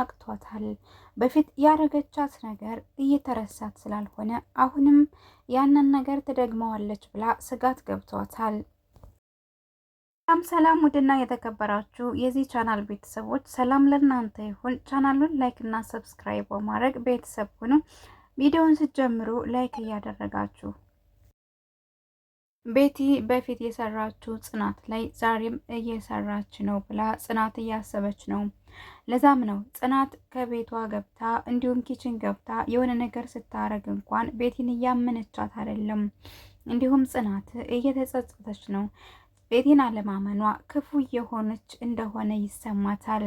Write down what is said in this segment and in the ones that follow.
አቅቷታል። በፊት ያረገቻት ነገር እየተረሳት ስላልሆነ አሁንም ያንን ነገር ትደግመዋለች ብላ ስጋት ገብቷታል። ሰላም ሰላም፣ ውድና የተከበራችሁ የዚህ ቻናል ቤተሰቦች ሰላም ለእናንተ ይሁን። ቻናሉን ላይክ እና ሰብስክራይብ በማድረግ ቤተሰብ ሁኑ። ቪዲዮውን ስትጀምሩ ላይክ እያደረጋችሁ ቤቲ በፊት የሰራችው ጽናት ላይ ዛሬም እየሰራች ነው ብላ ጽናት እያሰበች ነው። ለዛም ነው ጽናት ከቤቷ ገብታ እንዲሁም ኪችን ገብታ የሆነ ነገር ስታረግ እንኳን ቤቲን እያመነቻት አይደለም። እንዲሁም ጽናት እየተጸጸተች ነው። ቤቲን አለማመኗ ክፉ የሆነች እንደሆነ ይሰማታል።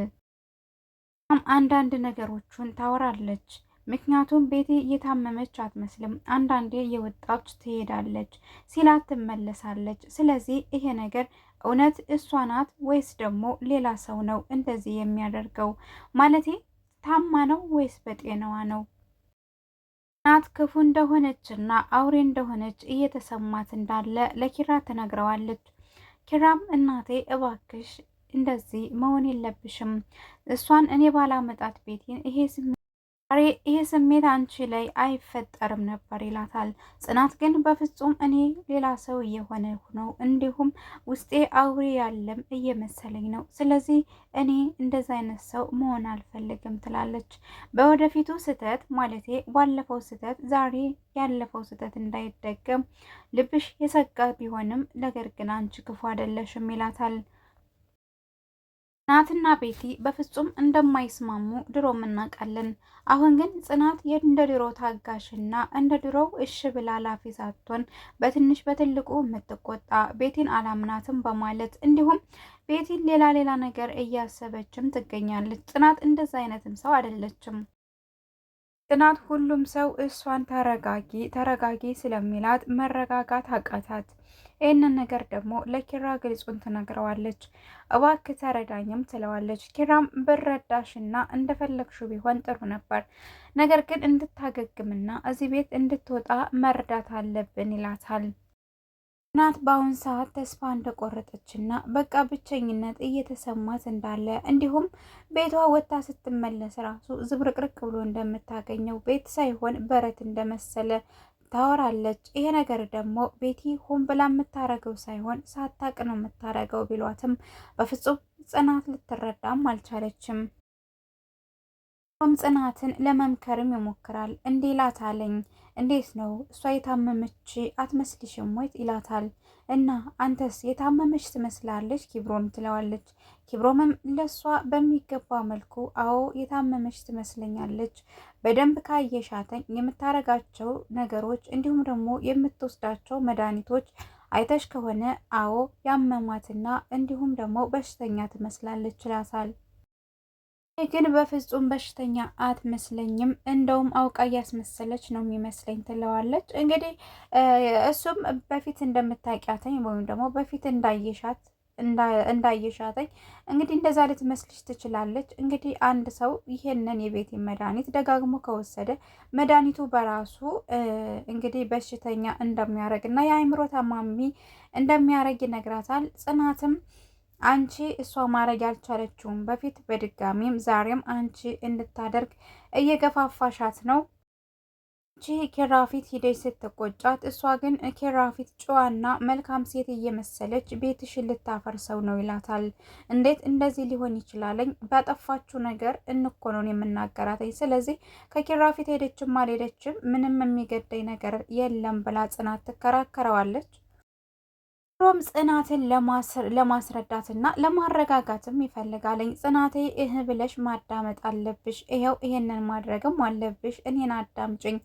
አንዳንድ ነገሮቹን ታወራለች። ምክንያቱም ቤቴ እየታመመች አትመስልም፣ አንዳንዴ የወጣች ትሄዳለች፣ ሲላት ትመለሳለች። ስለዚህ ይሄ ነገር እውነት እሷ ናት ወይስ ደግሞ ሌላ ሰው ነው እንደዚህ የሚያደርገው? ማለቴ ታማ ነው ወይስ በጤናዋ ነው? ናት ክፉ እንደሆነችና አውሬ እንደሆነች እየተሰማት እንዳለ ለኪራ ተነግረዋለች። ኪራም እናቴ እባክሽ እንደዚህ መሆን የለብሽም እሷን እኔ ባላመጣት ቤቴን ይሄ ዛሬ ይህ ስሜት አንቺ ላይ አይፈጠርም ነበር ይላታል። ጽናት ግን በፍጹም እኔ ሌላ ሰው እየሆነ ነው፣ እንዲሁም ውስጤ አውሬ ያለም እየመሰለኝ ነው። ስለዚህ እኔ እንደዚ አይነት ሰው መሆን አልፈልግም ትላለች። በወደፊቱ ስህተት ማለቴ ባለፈው ስህተት ዛሬ ያለፈው ስህተት እንዳይደገም ልብሽ የሰጋ ቢሆንም ነገር ግን አንቺ ክፉ አይደለሽም ይላታል። ጽናትና ቤቲ በፍጹም እንደማይስማሙ ድሮም እናውቃለን። አሁን ግን ጽናት የእንደ ድሮ ታጋሽና እንደ ድሮው እሽ ብላ ላፊ ሳትሆን በትንሽ በትልቁ የምትቆጣ ቤቲን አላምናትም በማለት እንዲሁም ቤቲን ሌላ ሌላ ነገር እያሰበችም ትገኛለች። ጽናት እንደዛ አይነትም ሰው አይደለችም። ጽናት ሁሉም ሰው እሷን ተረጋጊ ተረጋጊ ስለሚላት መረጋጋት አቃታት። ይህንን ነገር ደግሞ ለኪራ ግልጹን ትነግረዋለች። እባክህ ተረዳኝም ትለዋለች። ኪራም ብረዳሽና እንደፈለግሹ ቢሆን ጥሩ ነበር፣ ነገር ግን እንድታገግምና እዚህ ቤት እንድትወጣ መርዳት አለብን ይላታል። እናት በአሁን ሰዓት ተስፋ እንደቆረጠችና በቃ ብቸኝነት እየተሰማት እንዳለ እንዲሁም ቤቷ ወጥታ ስትመለስ ራሱ ዝብርቅርቅ ብሎ እንደምታገኘው ቤት ሳይሆን በረት እንደመሰለ ታወራለች። ይሄ ነገር ደግሞ ቤቲ ሆን ብላ የምታረገው ሳይሆን ሳታቅ ነው የምታረገው ቢሏትም በፍጹም ጽናት ልትረዳም አልቻለችም። ም ጽናትን ለመምከርም ይሞክራል። እንዴ ይላታለኝ እንዴት ነው እሷ የታመመች አትመስልሽም ወይ ይላታል። እና አንተስ የታመመች ትመስላለች ኪብሮም ትለዋለች። ኪብሮምም ለሷ በሚገባ መልኩ አዎ የታመመች ትመስለኛለች፣ በደንብ ካየሻተኝ የምታረጋቸው ነገሮች እንዲሁም ደግሞ የምትወስዳቸው መድኃኒቶች አይተሽ ከሆነ አዎ ያመማትና እንዲሁም ደግሞ በሽተኛ ትመስላለች ይላታል። ግን በፍጹም በሽተኛ አትመስለኝም፣ እንደውም አውቃ እያስመሰለች ነው የሚመስለኝ ትለዋለች። እንግዲህ እሱም በፊት እንደምታውቂያትኝ ወይም ደግሞ በፊት እንዳየሻት እንዳየሻተኝ እንግዲህ እንደዛ ልትመስልሽ ትችላለች። እንግዲህ አንድ ሰው ይሄንን የቤት መድኃኒት ደጋግሞ ከወሰደ መድኃኒቱ በራሱ እንግዲህ በሽተኛ እንደሚያደርግ እና የአእምሮ ታማሚ እንደሚያደርግ ይነግራታል። ጽናትም አንቺ እሷ ማድረግ ያልቻለችውም በፊት በድጋሚም ዛሬም አንቺ እንድታደርግ እየገፋፋሻት ነው ይህ ኬራ ፊት ሂደች ስትቆጫት፣ እሷ ግን ኬራ ፊት ጨዋና መልካም ሴት እየመሰለች ቤትሽ ልታፈርሰው ነው ይላታል። እንዴት እንደዚህ ሊሆን ይችላለኝ? በጠፋችው ነገር እንኮኖን የምናገራትኝ። ስለዚህ ከኬራ ፊት ሄደችም አልሄደችም ምንም የሚገደኝ ነገር የለም ብላ ጽናት ትከራከረዋለች። ሮም ጽናትን ለማስረዳትና ለማረጋጋትም ይፈልጋለኝ። ጽናቴ ይህ ብለሽ ማዳመጥ አለብሽ፣ ይኸው ይሄንን ማድረግም አለብሽ፣ እኔን አዳምጭኝ።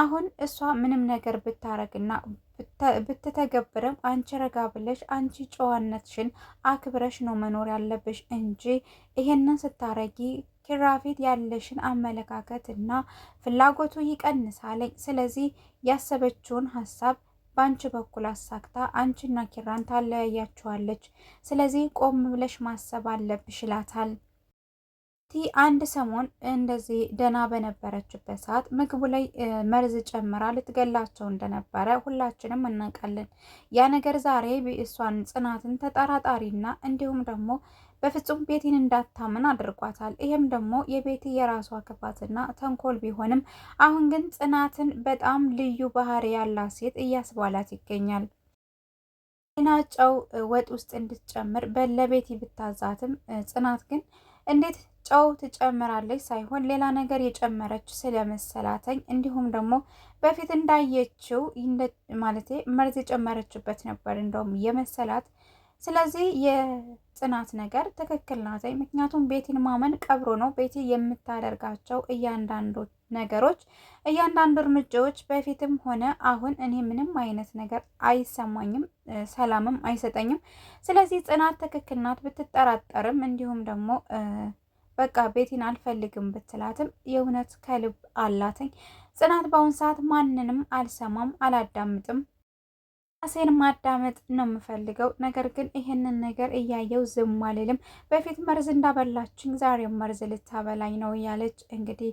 አሁን እሷ ምንም ነገር ብታረግና ብትተገብርም አንቺ ረጋ ብለሽ አንቺ ጨዋነትሽን አክብረሽ ነው መኖር ያለብሽ እንጂ ይሄንን ስታረጊ ኪራ ፊት ያለሽን አመለካከት እና ፍላጎቱ ይቀንሳለኝ። ስለዚህ ያሰበችውን ሀሳብ በአንቺ በኩል አሳክታ አንቺና ኪራን ታለያያችኋለች። ስለዚህ ቆም ብለሽ ማሰብ አለብሽ ይላታል። ቲ አንድ ሰሞን እንደዚህ ደና በነበረችበት ሰዓት ምግቡ ላይ መርዝ ጨምራ ልትገላቸው እንደነበረ ሁላችንም እናውቃለን። ያ ነገር ዛሬ እሷን ጽናትን ተጠራጣሪና እንዲሁም ደግሞ በፍጹም ቤቲን እንዳታምን አድርጓታል። ይህም ደግሞ የቤቲ የራሷ ክፋትና ተንኮል ቢሆንም አሁን ግን ጽናትን በጣም ልዩ ባህሪ ያላት ሴት እያስባላት ይገኛል። ጤና ጨው ወጥ ውስጥ እንድትጨምር ለቤቲ ብታዛትም ጽናት ግን እንዴት ጨው ትጨምራለች ሳይሆን ሌላ ነገር የጨመረች ስለመሰላተኝ እንዲሁም ደግሞ በፊት እንዳየችው ማለቴ መርዝ የጨመረችበት ነበር እንደውም የመሰላት ስለዚህ የጽናት ነገር ትክክል ናት። ምክንያቱም ቤቲን ማመን ቀብሮ ነው። ቤቲ የምታደርጋቸው እያንዳንዱ ነገሮች፣ እያንዳንዱ እርምጃዎች በፊትም ሆነ አሁን እኔ ምንም አይነት ነገር አይሰማኝም፣ ሰላምም አይሰጠኝም። ስለዚህ ጽናት ትክክል ናት ብትጠራጠርም፣ እንዲሁም ደግሞ በቃ ቤቲን አልፈልግም ብትላትም የእውነት ከልብ አላትኝ ጽናት በአሁን ሰዓት ማንንም አልሰማም፣ አላዳምጥም ራሴን ማዳመጥ ነው የምፈልገው። ነገር ግን ይህንን ነገር እያየው ዝም አልልም። በፊት መርዝ እንዳበላችኝ ዛሬም መርዝ ልታበላኝ ነው እያለች እንግዲህ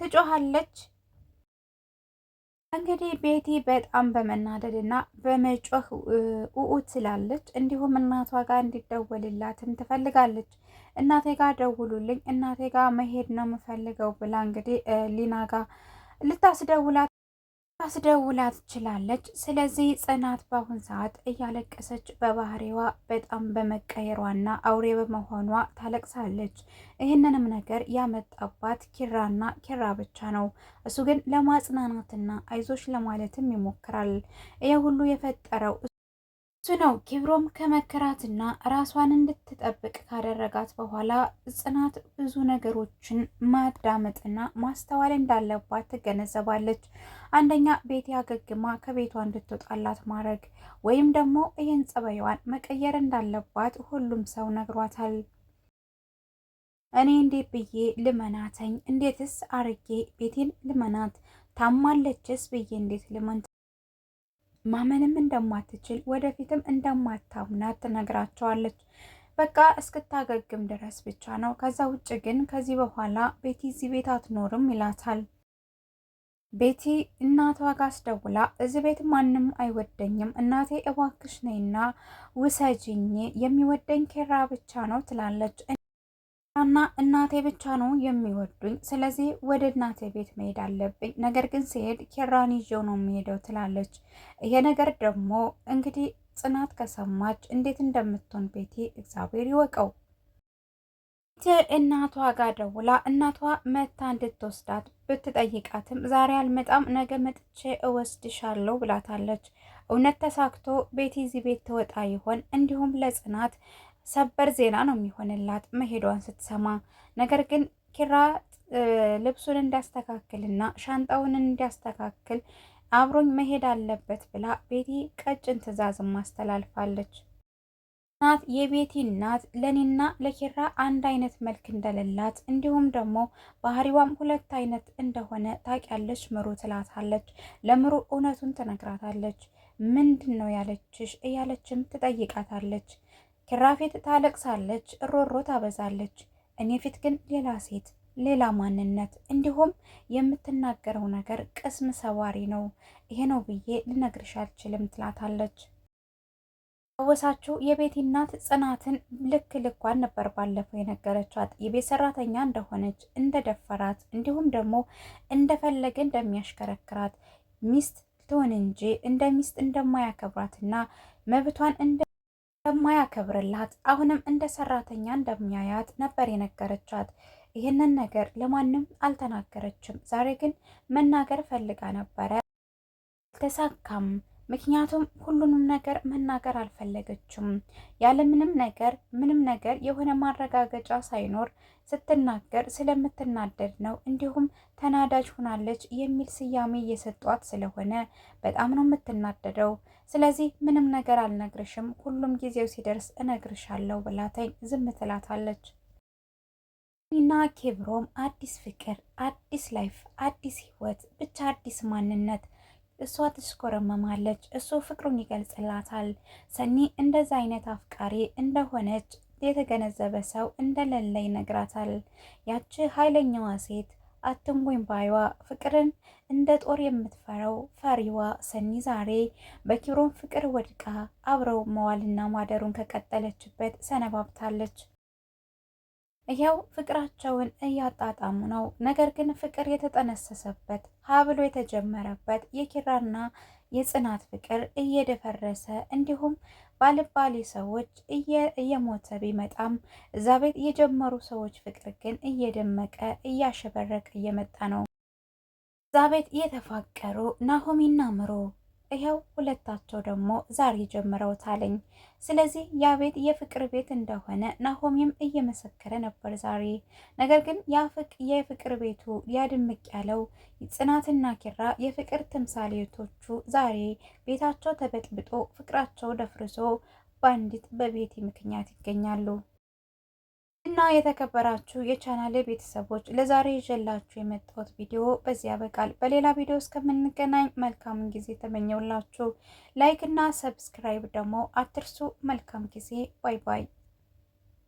ትጮሃለች። እንግዲህ ቤቲ በጣም በመናደድ እና በመጮህ ኡኡ ትላለች። እንዲሁም እናቷ ጋር እንዲደወልላትም ትፈልጋለች። እናቴ ጋር ደውሉልኝ፣ እናቴ ጋር መሄድ ነው የምፈልገው ብላ እንግዲህ ሊና ጋር ልታስደውላት ታስደውላ ትችላለች። ስለዚህ ጽናት በአሁን ሰዓት እያለቀሰች በባህሪዋ በጣም በመቀየሯና አውሬ በመሆኗ ታለቅሳለች። ይህንንም ነገር ያመጣባት ኪራና ኪራ ብቻ ነው። እሱ ግን ለማጽናናትና አይዞች ለማለትም ይሞክራል። ይህ ሁሉ የፈጠረው እሱ ነው ኬብሮም ከመከራትና ራሷን እንድትጠብቅ ካደረጋት በኋላ ጽናት ብዙ ነገሮችን ማዳመጥና ማስተዋል እንዳለባት ትገነዘባለች። አንደኛ ቤቴ አገግማ ከቤቷ እንድትወጣላት ማድረግ ወይም ደግሞ ይህን ጸባይዋን መቀየር እንዳለባት ሁሉም ሰው ነግሯታል። እኔ እንዴት ብዬ ልመናተኝ? እንዴትስ አርጌ ቤቴን ልመናት? ታማለችስ ብዬ እንዴት ልመን ማመንም እንደማትችል ወደፊትም እንደማታምናት ትነግራቸዋለች። በቃ እስክታገግም ድረስ ብቻ ነው። ከዛ ውጭ ግን ከዚህ በኋላ ቤቲ እዚህ ቤት አትኖርም ይላታል። ቤቲ እናቷ ጋር አስደውላ እዚህ ቤት ማንም አይወደኝም፣ እናቴ እባክሽ ነይና ውሰጂኝ፣ የሚወደኝ ኬራ ብቻ ነው ትላለች። እና እናቴ ብቻ ነው የሚወዱኝ፣ ስለዚህ ወደ እናቴ ቤት መሄድ አለብኝ። ነገር ግን ሲሄድ ኬራን ይዤው ነው የሚሄደው ትላለች። ይሄ ነገር ደግሞ እንግዲህ ጽናት ከሰማች እንዴት እንደምትሆን ቤቴ እግዚአብሔር ይወቀው። እናቷ ጋር ደውላ እናቷ መታ እንድትወስዳት ብትጠይቃትም ዛሬ አልመጣም ነገ መጥቼ እወስድሻለሁ ብላታለች። እውነት ተሳክቶ ቤቴ እዚህ ቤት ትወጣ ይሆን? እንዲሁም ለጽናት ሰበር ዜና ነው የሚሆንላት መሄዷን ስትሰማ። ነገር ግን ኪራ ልብሱን እንዲያስተካክልና ሻንጣውን እንዲያስተካክል አብሮኝ መሄድ አለበት ብላ ቤቲ ቀጭን ትዕዛዝም ማስተላልፋለች። ናት የቤቲ እናት ለኔና ለኪራ አንድ አይነት መልክ እንደሌላት እንዲሁም ደግሞ ባህሪዋም ሁለት አይነት እንደሆነ ታውቂያለች ምሩ ትላታለች። ለምሩ እውነቱን ትነግራታለች። ምንድን ነው ያለችሽ እያለችም ትጠይቃታለች። ኪራፊት ታለቅሳለች፣ ሮሮ ታበዛለች። እኔ ፊት ግን ሌላ ሴት፣ ሌላ ማንነት፣ እንዲሁም የምትናገረው ነገር ቅስም ሰባሪ ነው። ይሄ ነው ብዬ ልነግርሽ አልችልም ትላታለች። አወሳችሁ የቤቲ እናት ጽናትን ልክ ልኳን ነበር ባለፈው የነገረቻት የቤት ሰራተኛ እንደሆነች እንደደፈራት እንዲሁም ደግሞ እንደፈለገ እንደሚያሽከረክራት ሚስት ትሆን እንጂ እንደ ሚስት እንደማያከብራትና መብቷን እንደ እንደማያከብርላት አሁንም እንደ ሰራተኛ እንደሚያያት ነበር የነገረቻት። ይህንን ነገር ለማንም አልተናገረችም። ዛሬ ግን መናገር ፈልጋ ነበረ፣ አልተሳካም። ምክንያቱም ሁሉንም ነገር መናገር አልፈለገችም። ያለምንም ነገር ምንም ነገር የሆነ ማረጋገጫ ሳይኖር ስትናገር ስለምትናደድ ነው። እንዲሁም ተናዳጅ ሆናለች የሚል ስያሜ እየሰጧት ስለሆነ በጣም ነው የምትናደደው። ስለዚህ ምንም ነገር አልነግርሽም፣ ሁሉም ጊዜው ሲደርስ እነግርሻለሁ ብላተኝ ዝም ትላታለች። ና ኬብሮም አዲስ ፍቅር፣ አዲስ ላይፍ፣ አዲስ ህይወት ብቻ አዲስ ማንነት እሷ ትሽኮረመማለች፣ እሱ ፍቅሩን ይገልጽላታል። ሰኒ እንደዛ አይነት አፍቃሪ እንደሆነች የተገነዘበ ሰው እንደሌለ ይነግራታል። ያቺ ኃይለኛዋ ሴት አትንጉኝ ባይዋ ፍቅርን እንደ ጦር የምትፈራው ፈሪዋ ሰኒ ዛሬ በኪሮን ፍቅር ወድቃ አብረው መዋልና ማደሩን ከቀጠለችበት ሰነባብታለች። ይኸው ፍቅራቸውን እያጣጣሙ ነው። ነገር ግን ፍቅር የተጠነሰሰበት ሀብሎ የተጀመረበት የኪራና የጽናት ፍቅር እየደፈረሰ እንዲሁም ባልባሌ ሰዎች እየሞተ ቢመጣም እዛ ቤት የጀመሩ ሰዎች ፍቅር ግን እየደመቀ እያሸበረቀ እየመጣ ነው። እዛ ቤት እየተፋቀሩ ናሆሚና ምሮ ይኸው ሁለታቸው ደግሞ ዛሬ ጀምረውታለኝ። ስለዚህ ያ ቤት የፍቅር ቤት እንደሆነ ናሆሚም እየመሰከረ ነበር ዛሬ። ነገር ግን የፍቅር ቤቱ ያድምቅ ያለው ጽናትና ኪራ የፍቅር ተምሳሌቶቹ ዛሬ ቤታቸው ተበጥብጦ ፍቅራቸው ደፍርሶ ባንዲት በቤቲ ምክንያት ይገኛሉ። እና የተከበራችሁ የቻናሌ ቤተሰቦች ለዛሬ ይዤላችሁ የመጣሁት ቪዲዮ በዚህ ያበቃል። በሌላ ቪዲዮ እስከምንገናኝ መልካም ጊዜ ተመኘውላችሁ። ላይክ እና ሰብስክራይብ ደግሞ አትርሱ። መልካም ጊዜ። ባይ ባይ።